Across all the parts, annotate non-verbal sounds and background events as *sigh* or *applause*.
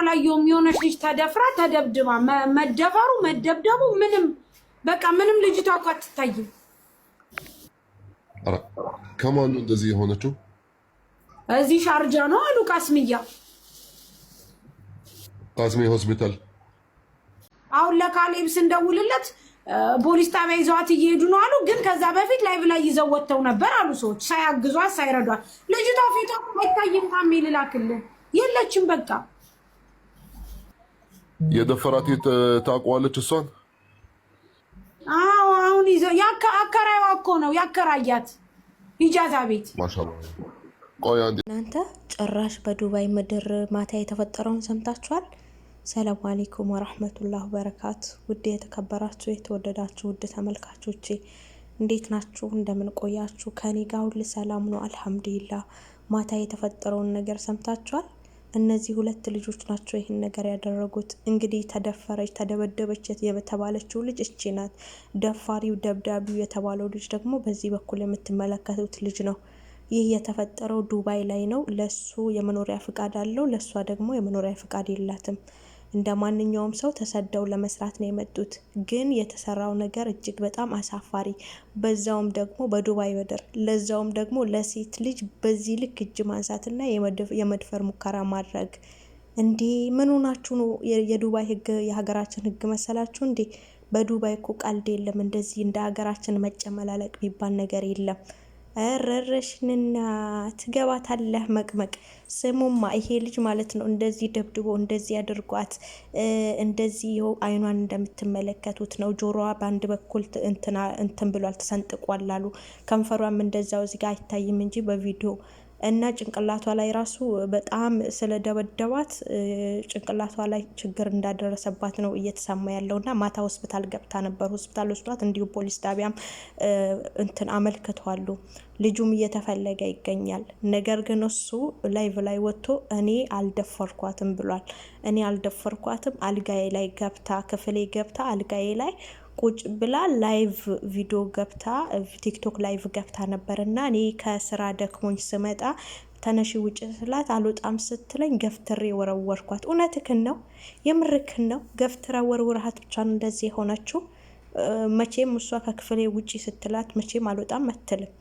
አላየውም። የሆነች ልጅ ተደፍራ ተደብድባ መደፈሩ መደብደቡ ምንም በቃ ምንም ልጅቷ እኮ አትታይም። ከማን ነው እንደዚህ የሆነችው? እዚህ ሻርጃ ነው አሉ ቃስሚያ ቃስሚ ሆስፒታል። አሁን ለካሌብ ስንደውልለት ፖሊስ ጣቢያ ይዘዋት እየሄዱ ነው አሉ። ግን ከዛ በፊት ላይቭ ላይ ይዘው ወጥተው ነበር አሉ ሰዎች ሳያግዟት ሳይረዷት። ልጅቷ ፊቷ አይታይም። ካሜ ልላክልህ የለችም በቃ የደፈራት ታውቀዋለች እሷን? አዎ አሁን ይዘው አከራይዋ እኮ ነው ያከራያት ኢጃዛ ቤት። እናንተ ጭራሽ በዱባይ ምድር ማታ የተፈጠረውን ሰምታችኋል። ሰላም አሌይኩም ወራህመቱላህ በረካቱ። ውድ የተከበራችሁ የተወደዳችሁ ውድ ተመልካቾቼ እንዴት ናችሁ? እንደምን ቆያችሁ? ከኔ ጋር ሁሉ ሰላም ነው አልሐምዱሊላህ። ማታ የተፈጠረውን ነገር ሰምታችኋል። እነዚህ ሁለት ልጆች ናቸው ይህን ነገር ያደረጉት። እንግዲህ ተደፈረች፣ ተደበደበች የተባለችው ልጅ እቺ ናት። ደፋሪው ደብዳቢው የተባለው ልጅ ደግሞ በዚህ በኩል የምትመለከቱት ልጅ ነው። ይህ የተፈጠረው ዱባይ ላይ ነው። ለሱ የመኖሪያ ፍቃድ አለው፣ ለእሷ ደግሞ የመኖሪያ ፍቃድ የላትም። እንደ ማንኛውም ሰው ተሰደው ለመስራት ነው የመጡት። ግን የተሰራው ነገር እጅግ በጣም አሳፋሪ፣ በዛውም ደግሞ በዱባይ ምድር፣ ለዛውም ደግሞ ለሴት ልጅ በዚህ ልክ እጅ ማንሳትና የመድፈር ሙከራ ማድረግ እንዴ! ምን ሆናችሁ ነው? የዱባይ ህግ የሀገራችን ህግ መሰላችሁ እንዴ? በዱባይ እኮ ቀልድ የለም። እንደዚህ እንደ ሀገራችን መጨመላለቅ ቢባል ነገር የለም። ረረሽንና ትገባታለህ መቅመቅ። ስሙማ ይሄ ልጅ ማለት ነው እንደዚህ ደብድቦ እንደዚህ አድርጓት እንደዚህ ይኸው አይኗን እንደምትመለከቱት ነው። ጆሮዋ በአንድ በኩል እንትን ብሏል ተሰንጥቋል አሉ። ከንፈሯም እንደዛው እዚጋ አይታይም እንጂ በቪዲዮ እና ጭንቅላቷ ላይ ራሱ በጣም ስለደበደባት ጭንቅላቷ ላይ ችግር እንዳደረሰባት ነው እየተሰማ ያለው እና ማታ ሆስፒታል ገብታ ነበር። ሆስፒታል ወስዷት እንዲሁም ፖሊስ ጣቢያም እንትን አመልክተዋሉ። ልጁም እየተፈለገ ይገኛል። ነገር ግን እሱ ላይቭ ላይ ወጥቶ እኔ አልደፈርኳትም ብሏል። እኔ አልደፈርኳትም፣ አልጋዬ ላይ ገብታ ክፍሌ ገብታ አልጋዬ ላይ ቁጭ ብላ ላይቭ ቪዲዮ ገብታ ቲክቶክ ላይቭ ገብታ ነበር እና እኔ ከስራ ደክሞኝ ስመጣ ተነሺ ውጭ ስላት አልወጣም ስትለኝ ገፍትሬ ወረወርኳት። እውነትክን ነው፣ የምርክን ነው። ገፍትረ ወርውርሃት ብቻ ነው እንደዚህ የሆነችው። መቼም እሷ ከክፍሌ ውጪ ስትላት መቼም አልወጣም አትልም።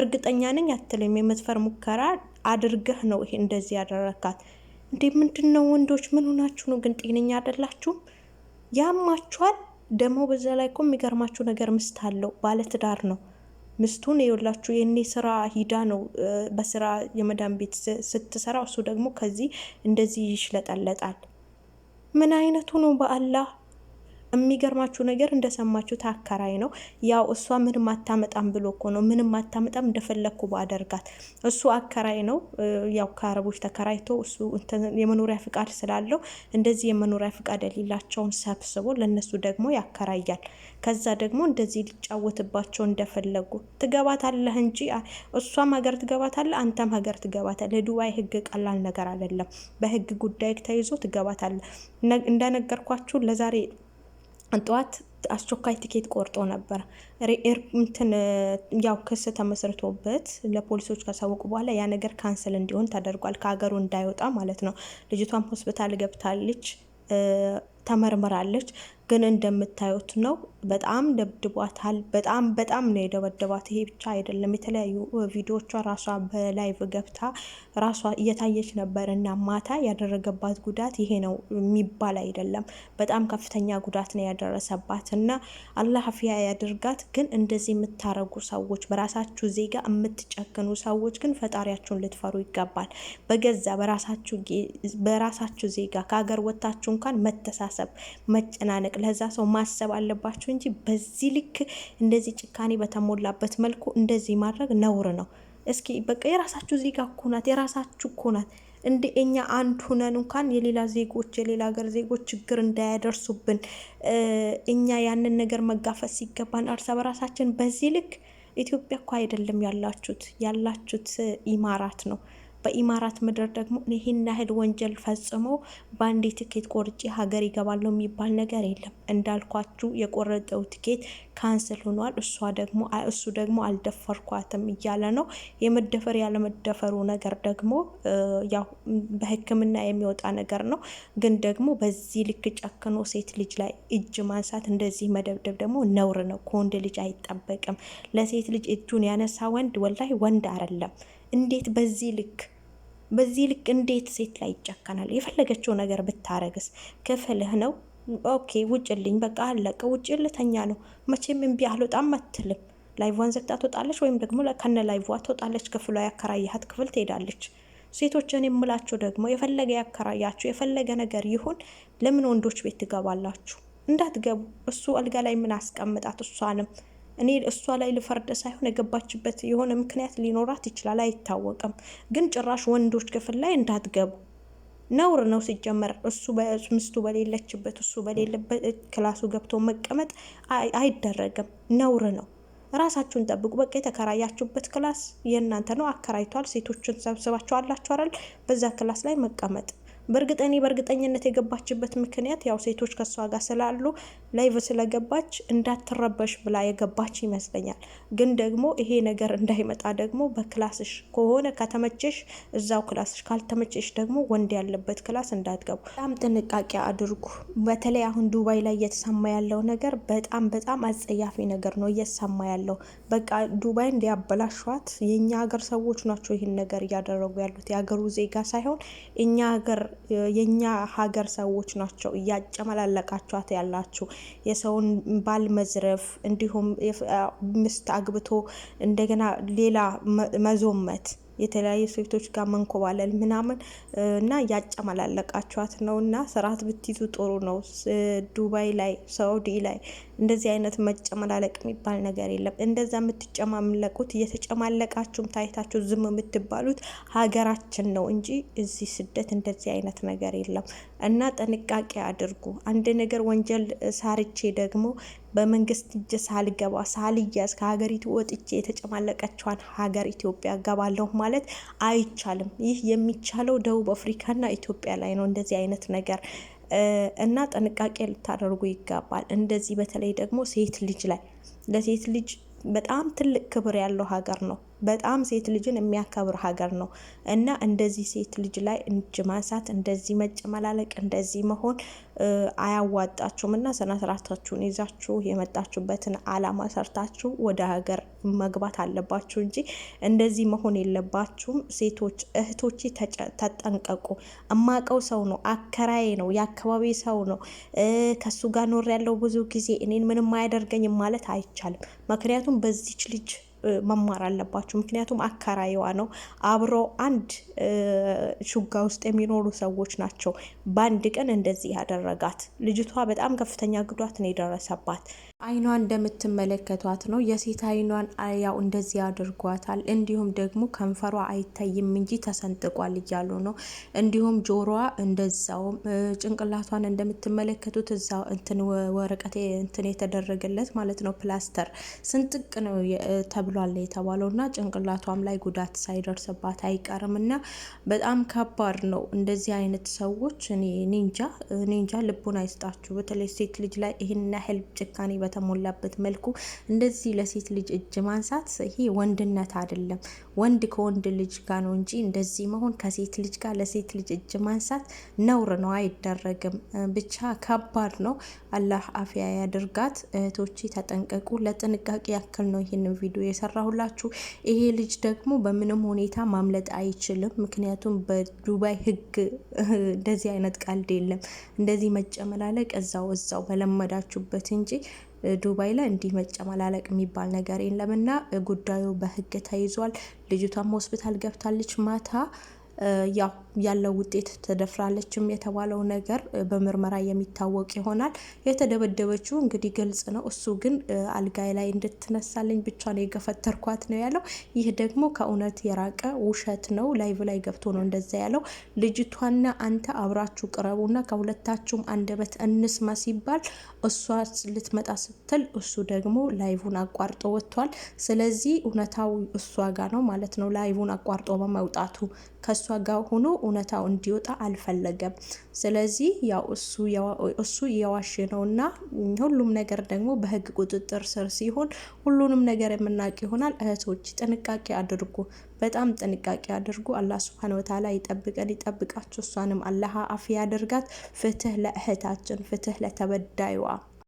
እርግጠኛ ነኝ አትልም። የመትፈር ሙከራ አድርገህ ነው ይሄ እንደዚህ ያደረካት። እንዴ ምንድን ነው? ወንዶች ምን ሆናችሁ ነው ግን? ጤነኛ አይደላችሁም? ያማችኋል። ደግሞ በዛ ላይ እኮ የሚገርማችሁ ነገር ምስት አለው፣ ባለትዳር ነው። ምስቱን የወላችሁ የኔ ስራ ሂዳ ነው በስራ የመዳን ቤት ስትሰራ፣ እሱ ደግሞ ከዚህ እንደዚህ ይሽለጠለጣል። ምን አይነቱ ነው በአላህ የሚገርማችሁ ነገር እንደሰማችሁ አከራይ ነው። ያው እሷ ምንም አታመጣም ብሎ እኮ ነው ምንም አታመጣም እንደፈለግኩ ባደርጋት። እሱ አከራይ ነው። ያው ከአረቦች ተከራይቶ እሱ የመኖሪያ ፍቃድ ስላለው እንደዚህ የመኖሪያ ፍቃድ የሌላቸውን ሰብስቦ ለእነሱ ደግሞ ያከራያል። ከዛ ደግሞ እንደዚህ ሊጫወትባቸው እንደፈለጉ ትገባታለህ እንጂ እሷም ሀገር ትገባታለህ፣ አንተም ሀገር ትገባታለህ። ለዱባይ ህግ ቀላል ነገር አይደለም። በህግ ጉዳይ ተይዞ ትገባታለህ። እንደነገርኳችሁ ለዛሬ ጠዋት አስቸኳይ ትኬት ቆርጦ ነበር። እንትን ያው ክስ ተመስርቶበት ለፖሊሶች ካሳወቁ በኋላ ያ ነገር ካንስል እንዲሆን ተደርጓል። ከሀገሩ እንዳይወጣ ማለት ነው። ልጅቷም ሆስፒታል ገብታለች፣ ተመርምራለች። ግን እንደምታዩት ነው። በጣም ደብድቧታል። በጣም በጣም ነው የደበደባት። ይሄ ብቻ አይደለም፣ የተለያዩ ቪዲዮቿ ራሷ በላይቭ ገብታ ራሷ እየታየች ነበር እና ማታ ያደረገባት ጉዳት ይሄ ነው የሚባል አይደለም። በጣም ከፍተኛ ጉዳት ነው ያደረሰባት እና አላህ አፍያ ያድርጋት። ግን እንደዚህ የምታረጉ ሰዎች፣ በራሳችሁ ዜጋ የምትጨክኑ ሰዎች ግን ፈጣሪያችሁን ልትፈሩ ይገባል። በገዛ በራሳችሁ ዜጋ ከሀገር ወጥታችሁ እንኳን መተሳሰብ መጨናነቅ ለዛ ሰው ማሰብ አለባችሁ እንጂ በዚህ ልክ እንደዚህ ጭካኔ በተሞላበት መልኩ እንደዚህ ማድረግ ነውር ነው። እስኪ በቃ የራሳችሁ ዜጋ እኮ ናት፣ የራሳችሁ እኮ ናት። እንደ እኛ አንድ ሁነን እንኳን የሌላ ዜጎች የሌላ ሀገር ዜጎች ችግር እንዳያደርሱብን እኛ ያንን ነገር መጋፈጥ ሲገባን እርስ በራሳችን በዚህ ልክ ኢትዮጵያ እኮ አይደለም ያላችሁት ያላችሁት ኢማራት ነው። በኢማራት ምድር ደግሞ ይህን ያህል ወንጀል ፈጽሞ በአንዴ ትኬት ቆርጬ ሀገር ይገባለሁ የሚባል ነገር የለም። እንዳልኳችሁ የቆረጠው ትኬት ካንስል ሆኗል። እሷ ደግሞ እሱ ደግሞ አልደፈርኳትም እያለ ነው። የመደፈር ያለመደፈሩ ነገር ደግሞ ያው በሕክምና የሚወጣ ነገር ነው። ግን ደግሞ በዚህ ልክ ጨክኖ ሴት ልጅ ላይ እጅ ማንሳት እንደዚህ መደብደብ ደግሞ ነውር ነው። ከወንድ ልጅ አይጠበቅም። ለሴት ልጅ እጁን ያነሳ ወንድ ወላይ ወንድ አይደለም። እንዴት በዚህ ልክ በዚህ ልክ እንዴት ሴት ላይ ይጨከናል? የፈለገችው ነገር ብታረግስ ክፍልህ ነው። ኦኬ ውጭልኝ፣ በቃ አለቀ። ውጭ ልተኛ ነው። መቼም እምቢ አልወጣም አትልም። ላይቫን ዘግታ ትወጣለች፣ ወይም ደግሞ ከነ ላይቫ ትወጣለች። ክፍሏ ያከራያት ክፍል ትሄዳለች። ሴቶችን የምላችሁ ደግሞ የፈለገ ያከራያችሁ የፈለገ ነገር ይሁን፣ ለምን ወንዶች ቤት ትገባላችሁ? እንዳትገቡ። እሱ አልጋ ላይ ምን አስቀምጣት እሷንም እኔ እሷ ላይ ልፈርድ ሳይሆን የገባችበት የሆነ ምክንያት ሊኖራት ይችላል፣ አይታወቅም። ግን ጭራሽ ወንዶች ክፍል ላይ እንዳትገቡ ነውር ነው። ሲጀመር እሱ ምስቱ በሌለችበት እሱ በሌለበት ክላሱ ገብቶ መቀመጥ አይደረግም፣ ነውር ነው። ራሳችሁን ጠብቁ። በቃ የተከራያችሁበት ክላስ የእናንተ ነው፣ አከራይቷል። ሴቶችን ሰብስባችሁ አላችሁ አይደል? በዛ ክላስ ላይ መቀመጥ በእርግጥ እኔ በእርግጠኝነት የገባችበት ምክንያት ያው ሴቶች ከእሷ ጋር ስላሉ ላይቭ ስለገባች እንዳትረበሽ ብላ የገባች ይመስለኛል። ግን ደግሞ ይሄ ነገር እንዳይመጣ ደግሞ በክላስሽ ከሆነ ከተመቸሽ እዛው ክላስሽ፣ ካልተመቸሽ ደግሞ ወንድ ያለበት ክላስ እንዳትገቡ በጣም ጥንቃቄ አድርጉ። በተለይ አሁን ዱባይ ላይ እየተሰማ ያለው ነገር በጣም በጣም አጸያፊ ነገር ነው እየተሰማ ያለው። በቃ ዱባይ እንዲያበላሿት የእኛ ሀገር ሰዎች ናቸው ይህን ነገር እያደረጉ ያሉት የሀገሩ ዜጋ ሳይሆን እኛ ሀገር የእኛ ሀገር ሰዎች ናቸው እያጨመላለቃችኋት ያላችሁ የሰውን ባል መዝረፍ፣ እንዲሁም ሚስት አግብቶ እንደገና ሌላ መዞመት የተለያዩ ሴቶች ጋር መንኮባለል ምናምን እና ያጨመላለቃችኋት ነው። እና ስርዓት ብትይዙ ጥሩ ነው። ዱባይ ላይ ሳውዲ ላይ እንደዚህ አይነት መጨመላለቅ የሚባል ነገር የለም። እንደዛ የምትጨማለቁት እየተጨማለቃችሁም ታይታችሁ ዝም የምትባሉት ሀገራችን ነው እንጂ እዚህ ስደት እንደዚህ አይነት ነገር የለም። እና ጥንቃቄ አድርጉ። አንድ ነገር ወንጀል ሳርቼ ደግሞ በመንግስት እጅ ሳልገባ ሳልያዝ ከሀገሪቱ ወጥቼ የተጨማለቀችዋን ሀገር ኢትዮጵያ ገባለሁ ማለት አይቻልም። ይህ የሚቻለው ደቡብ አፍሪካና ኢትዮጵያ ላይ ነው እንደዚህ አይነት ነገር እና ጥንቃቄ ልታደርጉ ይገባል። እንደዚህ በተለይ ደግሞ ሴት ልጅ ላይ ለሴት ልጅ በጣም ትልቅ ክብር ያለው ሀገር ነው። በጣም ሴት ልጅን የሚያከብር ሀገር ነው እና እንደዚህ ሴት ልጅ ላይ እጅ ማንሳት፣ እንደዚህ መጭ መላለቅ፣ እንደዚህ መሆን አያዋጣችሁም እና ስነ ስርዓታችሁን ይዛችሁ የመጣችሁበትን አላማ ሰርታችሁ ወደ ሀገር መግባት አለባችሁ እንጂ እንደዚህ መሆን የለባችሁም። ሴቶች እህቶች ተጠንቀቁ። እማቀው ሰው ነው፣ አከራዬ ነው፣ የአካባቢ ሰው ነው። ከሱ ጋር ኖር ያለው ብዙ ጊዜ እኔን ምንም አያደርገኝም ማለት አይቻልም። ምክንያቱም በዚች ልጅ መማር አለባችሁ። ምክንያቱም አከራይዋ ነው፣ አብሮ አንድ ሹጋ ውስጥ የሚኖሩ ሰዎች ናቸው። በአንድ ቀን እንደዚህ ያደረገ አደረጋት። ልጅቷ በጣም ከፍተኛ ጉዳት ነው የደረሰባት። አይኗን እንደምትመለከቷት ነው። የሴት አይኗን ያው እንደዚህ አድርጓታል። እንዲሁም ደግሞ ከንፈሯ አይታይም እንጂ ተሰንጥቋል እያሉ ነው። እንዲሁም ጆሮዋ እንደዛውም፣ ጭንቅላቷን እንደምትመለከቱት እዛው እንትን ወረቀት እንትን የተደረገለት ማለት ነው ፕላስተር ስንጥቅ ነው ተብሏል የተባለው እና ጭንቅላቷም ላይ ጉዳት ሳይደርስባት አይቀርም እና በጣም ከባድ ነው። እንደዚህ አይነት ሰዎች እኔ ኒንጃ ልቡን አይስጣችሁ። በተለይ ሴት ልጅ ላይ ይህን ያህል ጭካኔ በተሞላበት መልኩ እንደዚህ ለሴት ልጅ እጅ ማንሳት ይሄ ወንድነት አይደለም። ወንድ ከወንድ ልጅ ጋር ነው እንጂ እንደዚህ መሆን ከሴት ልጅ ጋር ለሴት ልጅ እጅ ማንሳት ነውር ነው፣ አይደረግም። ብቻ ከባድ ነው። አላህ አፍያ ያድርጋት። እህቶች ተጠንቀቁ። ለጥንቃቄ ያክል ነው ይህንን ቪዲዮ የሰራሁላችሁ። ይሄ ልጅ ደግሞ በምንም ሁኔታ ማምለጥ አይችልም። ምክንያቱም በዱባይ ህግ *laughs* እንደዚህ አይነት ቀልድ የለም። እንደዚህ መጨመላለቅ እዛው እዛው በለመዳችሁበት እንጂ ዱባይ ላይ እንዲህ መጨመላለቅ የሚባል ነገር የለምና ጉዳዩ በህግ ተይዟል። ልጅቷም ሆስፒታል ገብታለች ማታ ያው ያለው ውጤት ተደፍራለችም የተባለው ነገር በምርመራ የሚታወቅ ይሆናል። የተደበደበችው እንግዲህ ግልጽ ነው። እሱ ግን አልጋይ ላይ እንድትነሳልኝ ብቻ ነው የገፈተርኳት ነው ያለው። ይህ ደግሞ ከእውነት የራቀ ውሸት ነው። ላይቭ ላይ ገብቶ ነው እንደዛ ያለው። ልጅቷና አንተ አብራችሁ ቅረቡና ከሁለታችሁም አንደበት እንስማ ሲባል እሷ ልትመጣ ስትል እሱ ደግሞ ላይቡን አቋርጦ ወጥቷል። ስለዚህ እውነታው እሷ ጋር ነው ማለት ነው። ላይቭን አቋርጦ በመውጣቱ ከእሷ ጋር ሆኖ እውነታው እንዲወጣ አልፈለገም። ስለዚህ ያው እሱ የዋሽ እና ሁሉም ነገር ደግሞ በህግ ቁጥጥር ስር ሲሆን ሁሉንም ነገር የምናውቅ ይሆናል። እህቶች ጥንቃቄ አድርጉ፣ በጣም ጥንቃቄ አድርጉ። አላህ ሱብሃነ ወተዓላ ይጠብቀን፣ ይጠብቃችሁ። እሷንም አላህ አፍ ያደርጋት። ፍትህ ለእህታችን፣ ፍትህ ለተበዳይዋ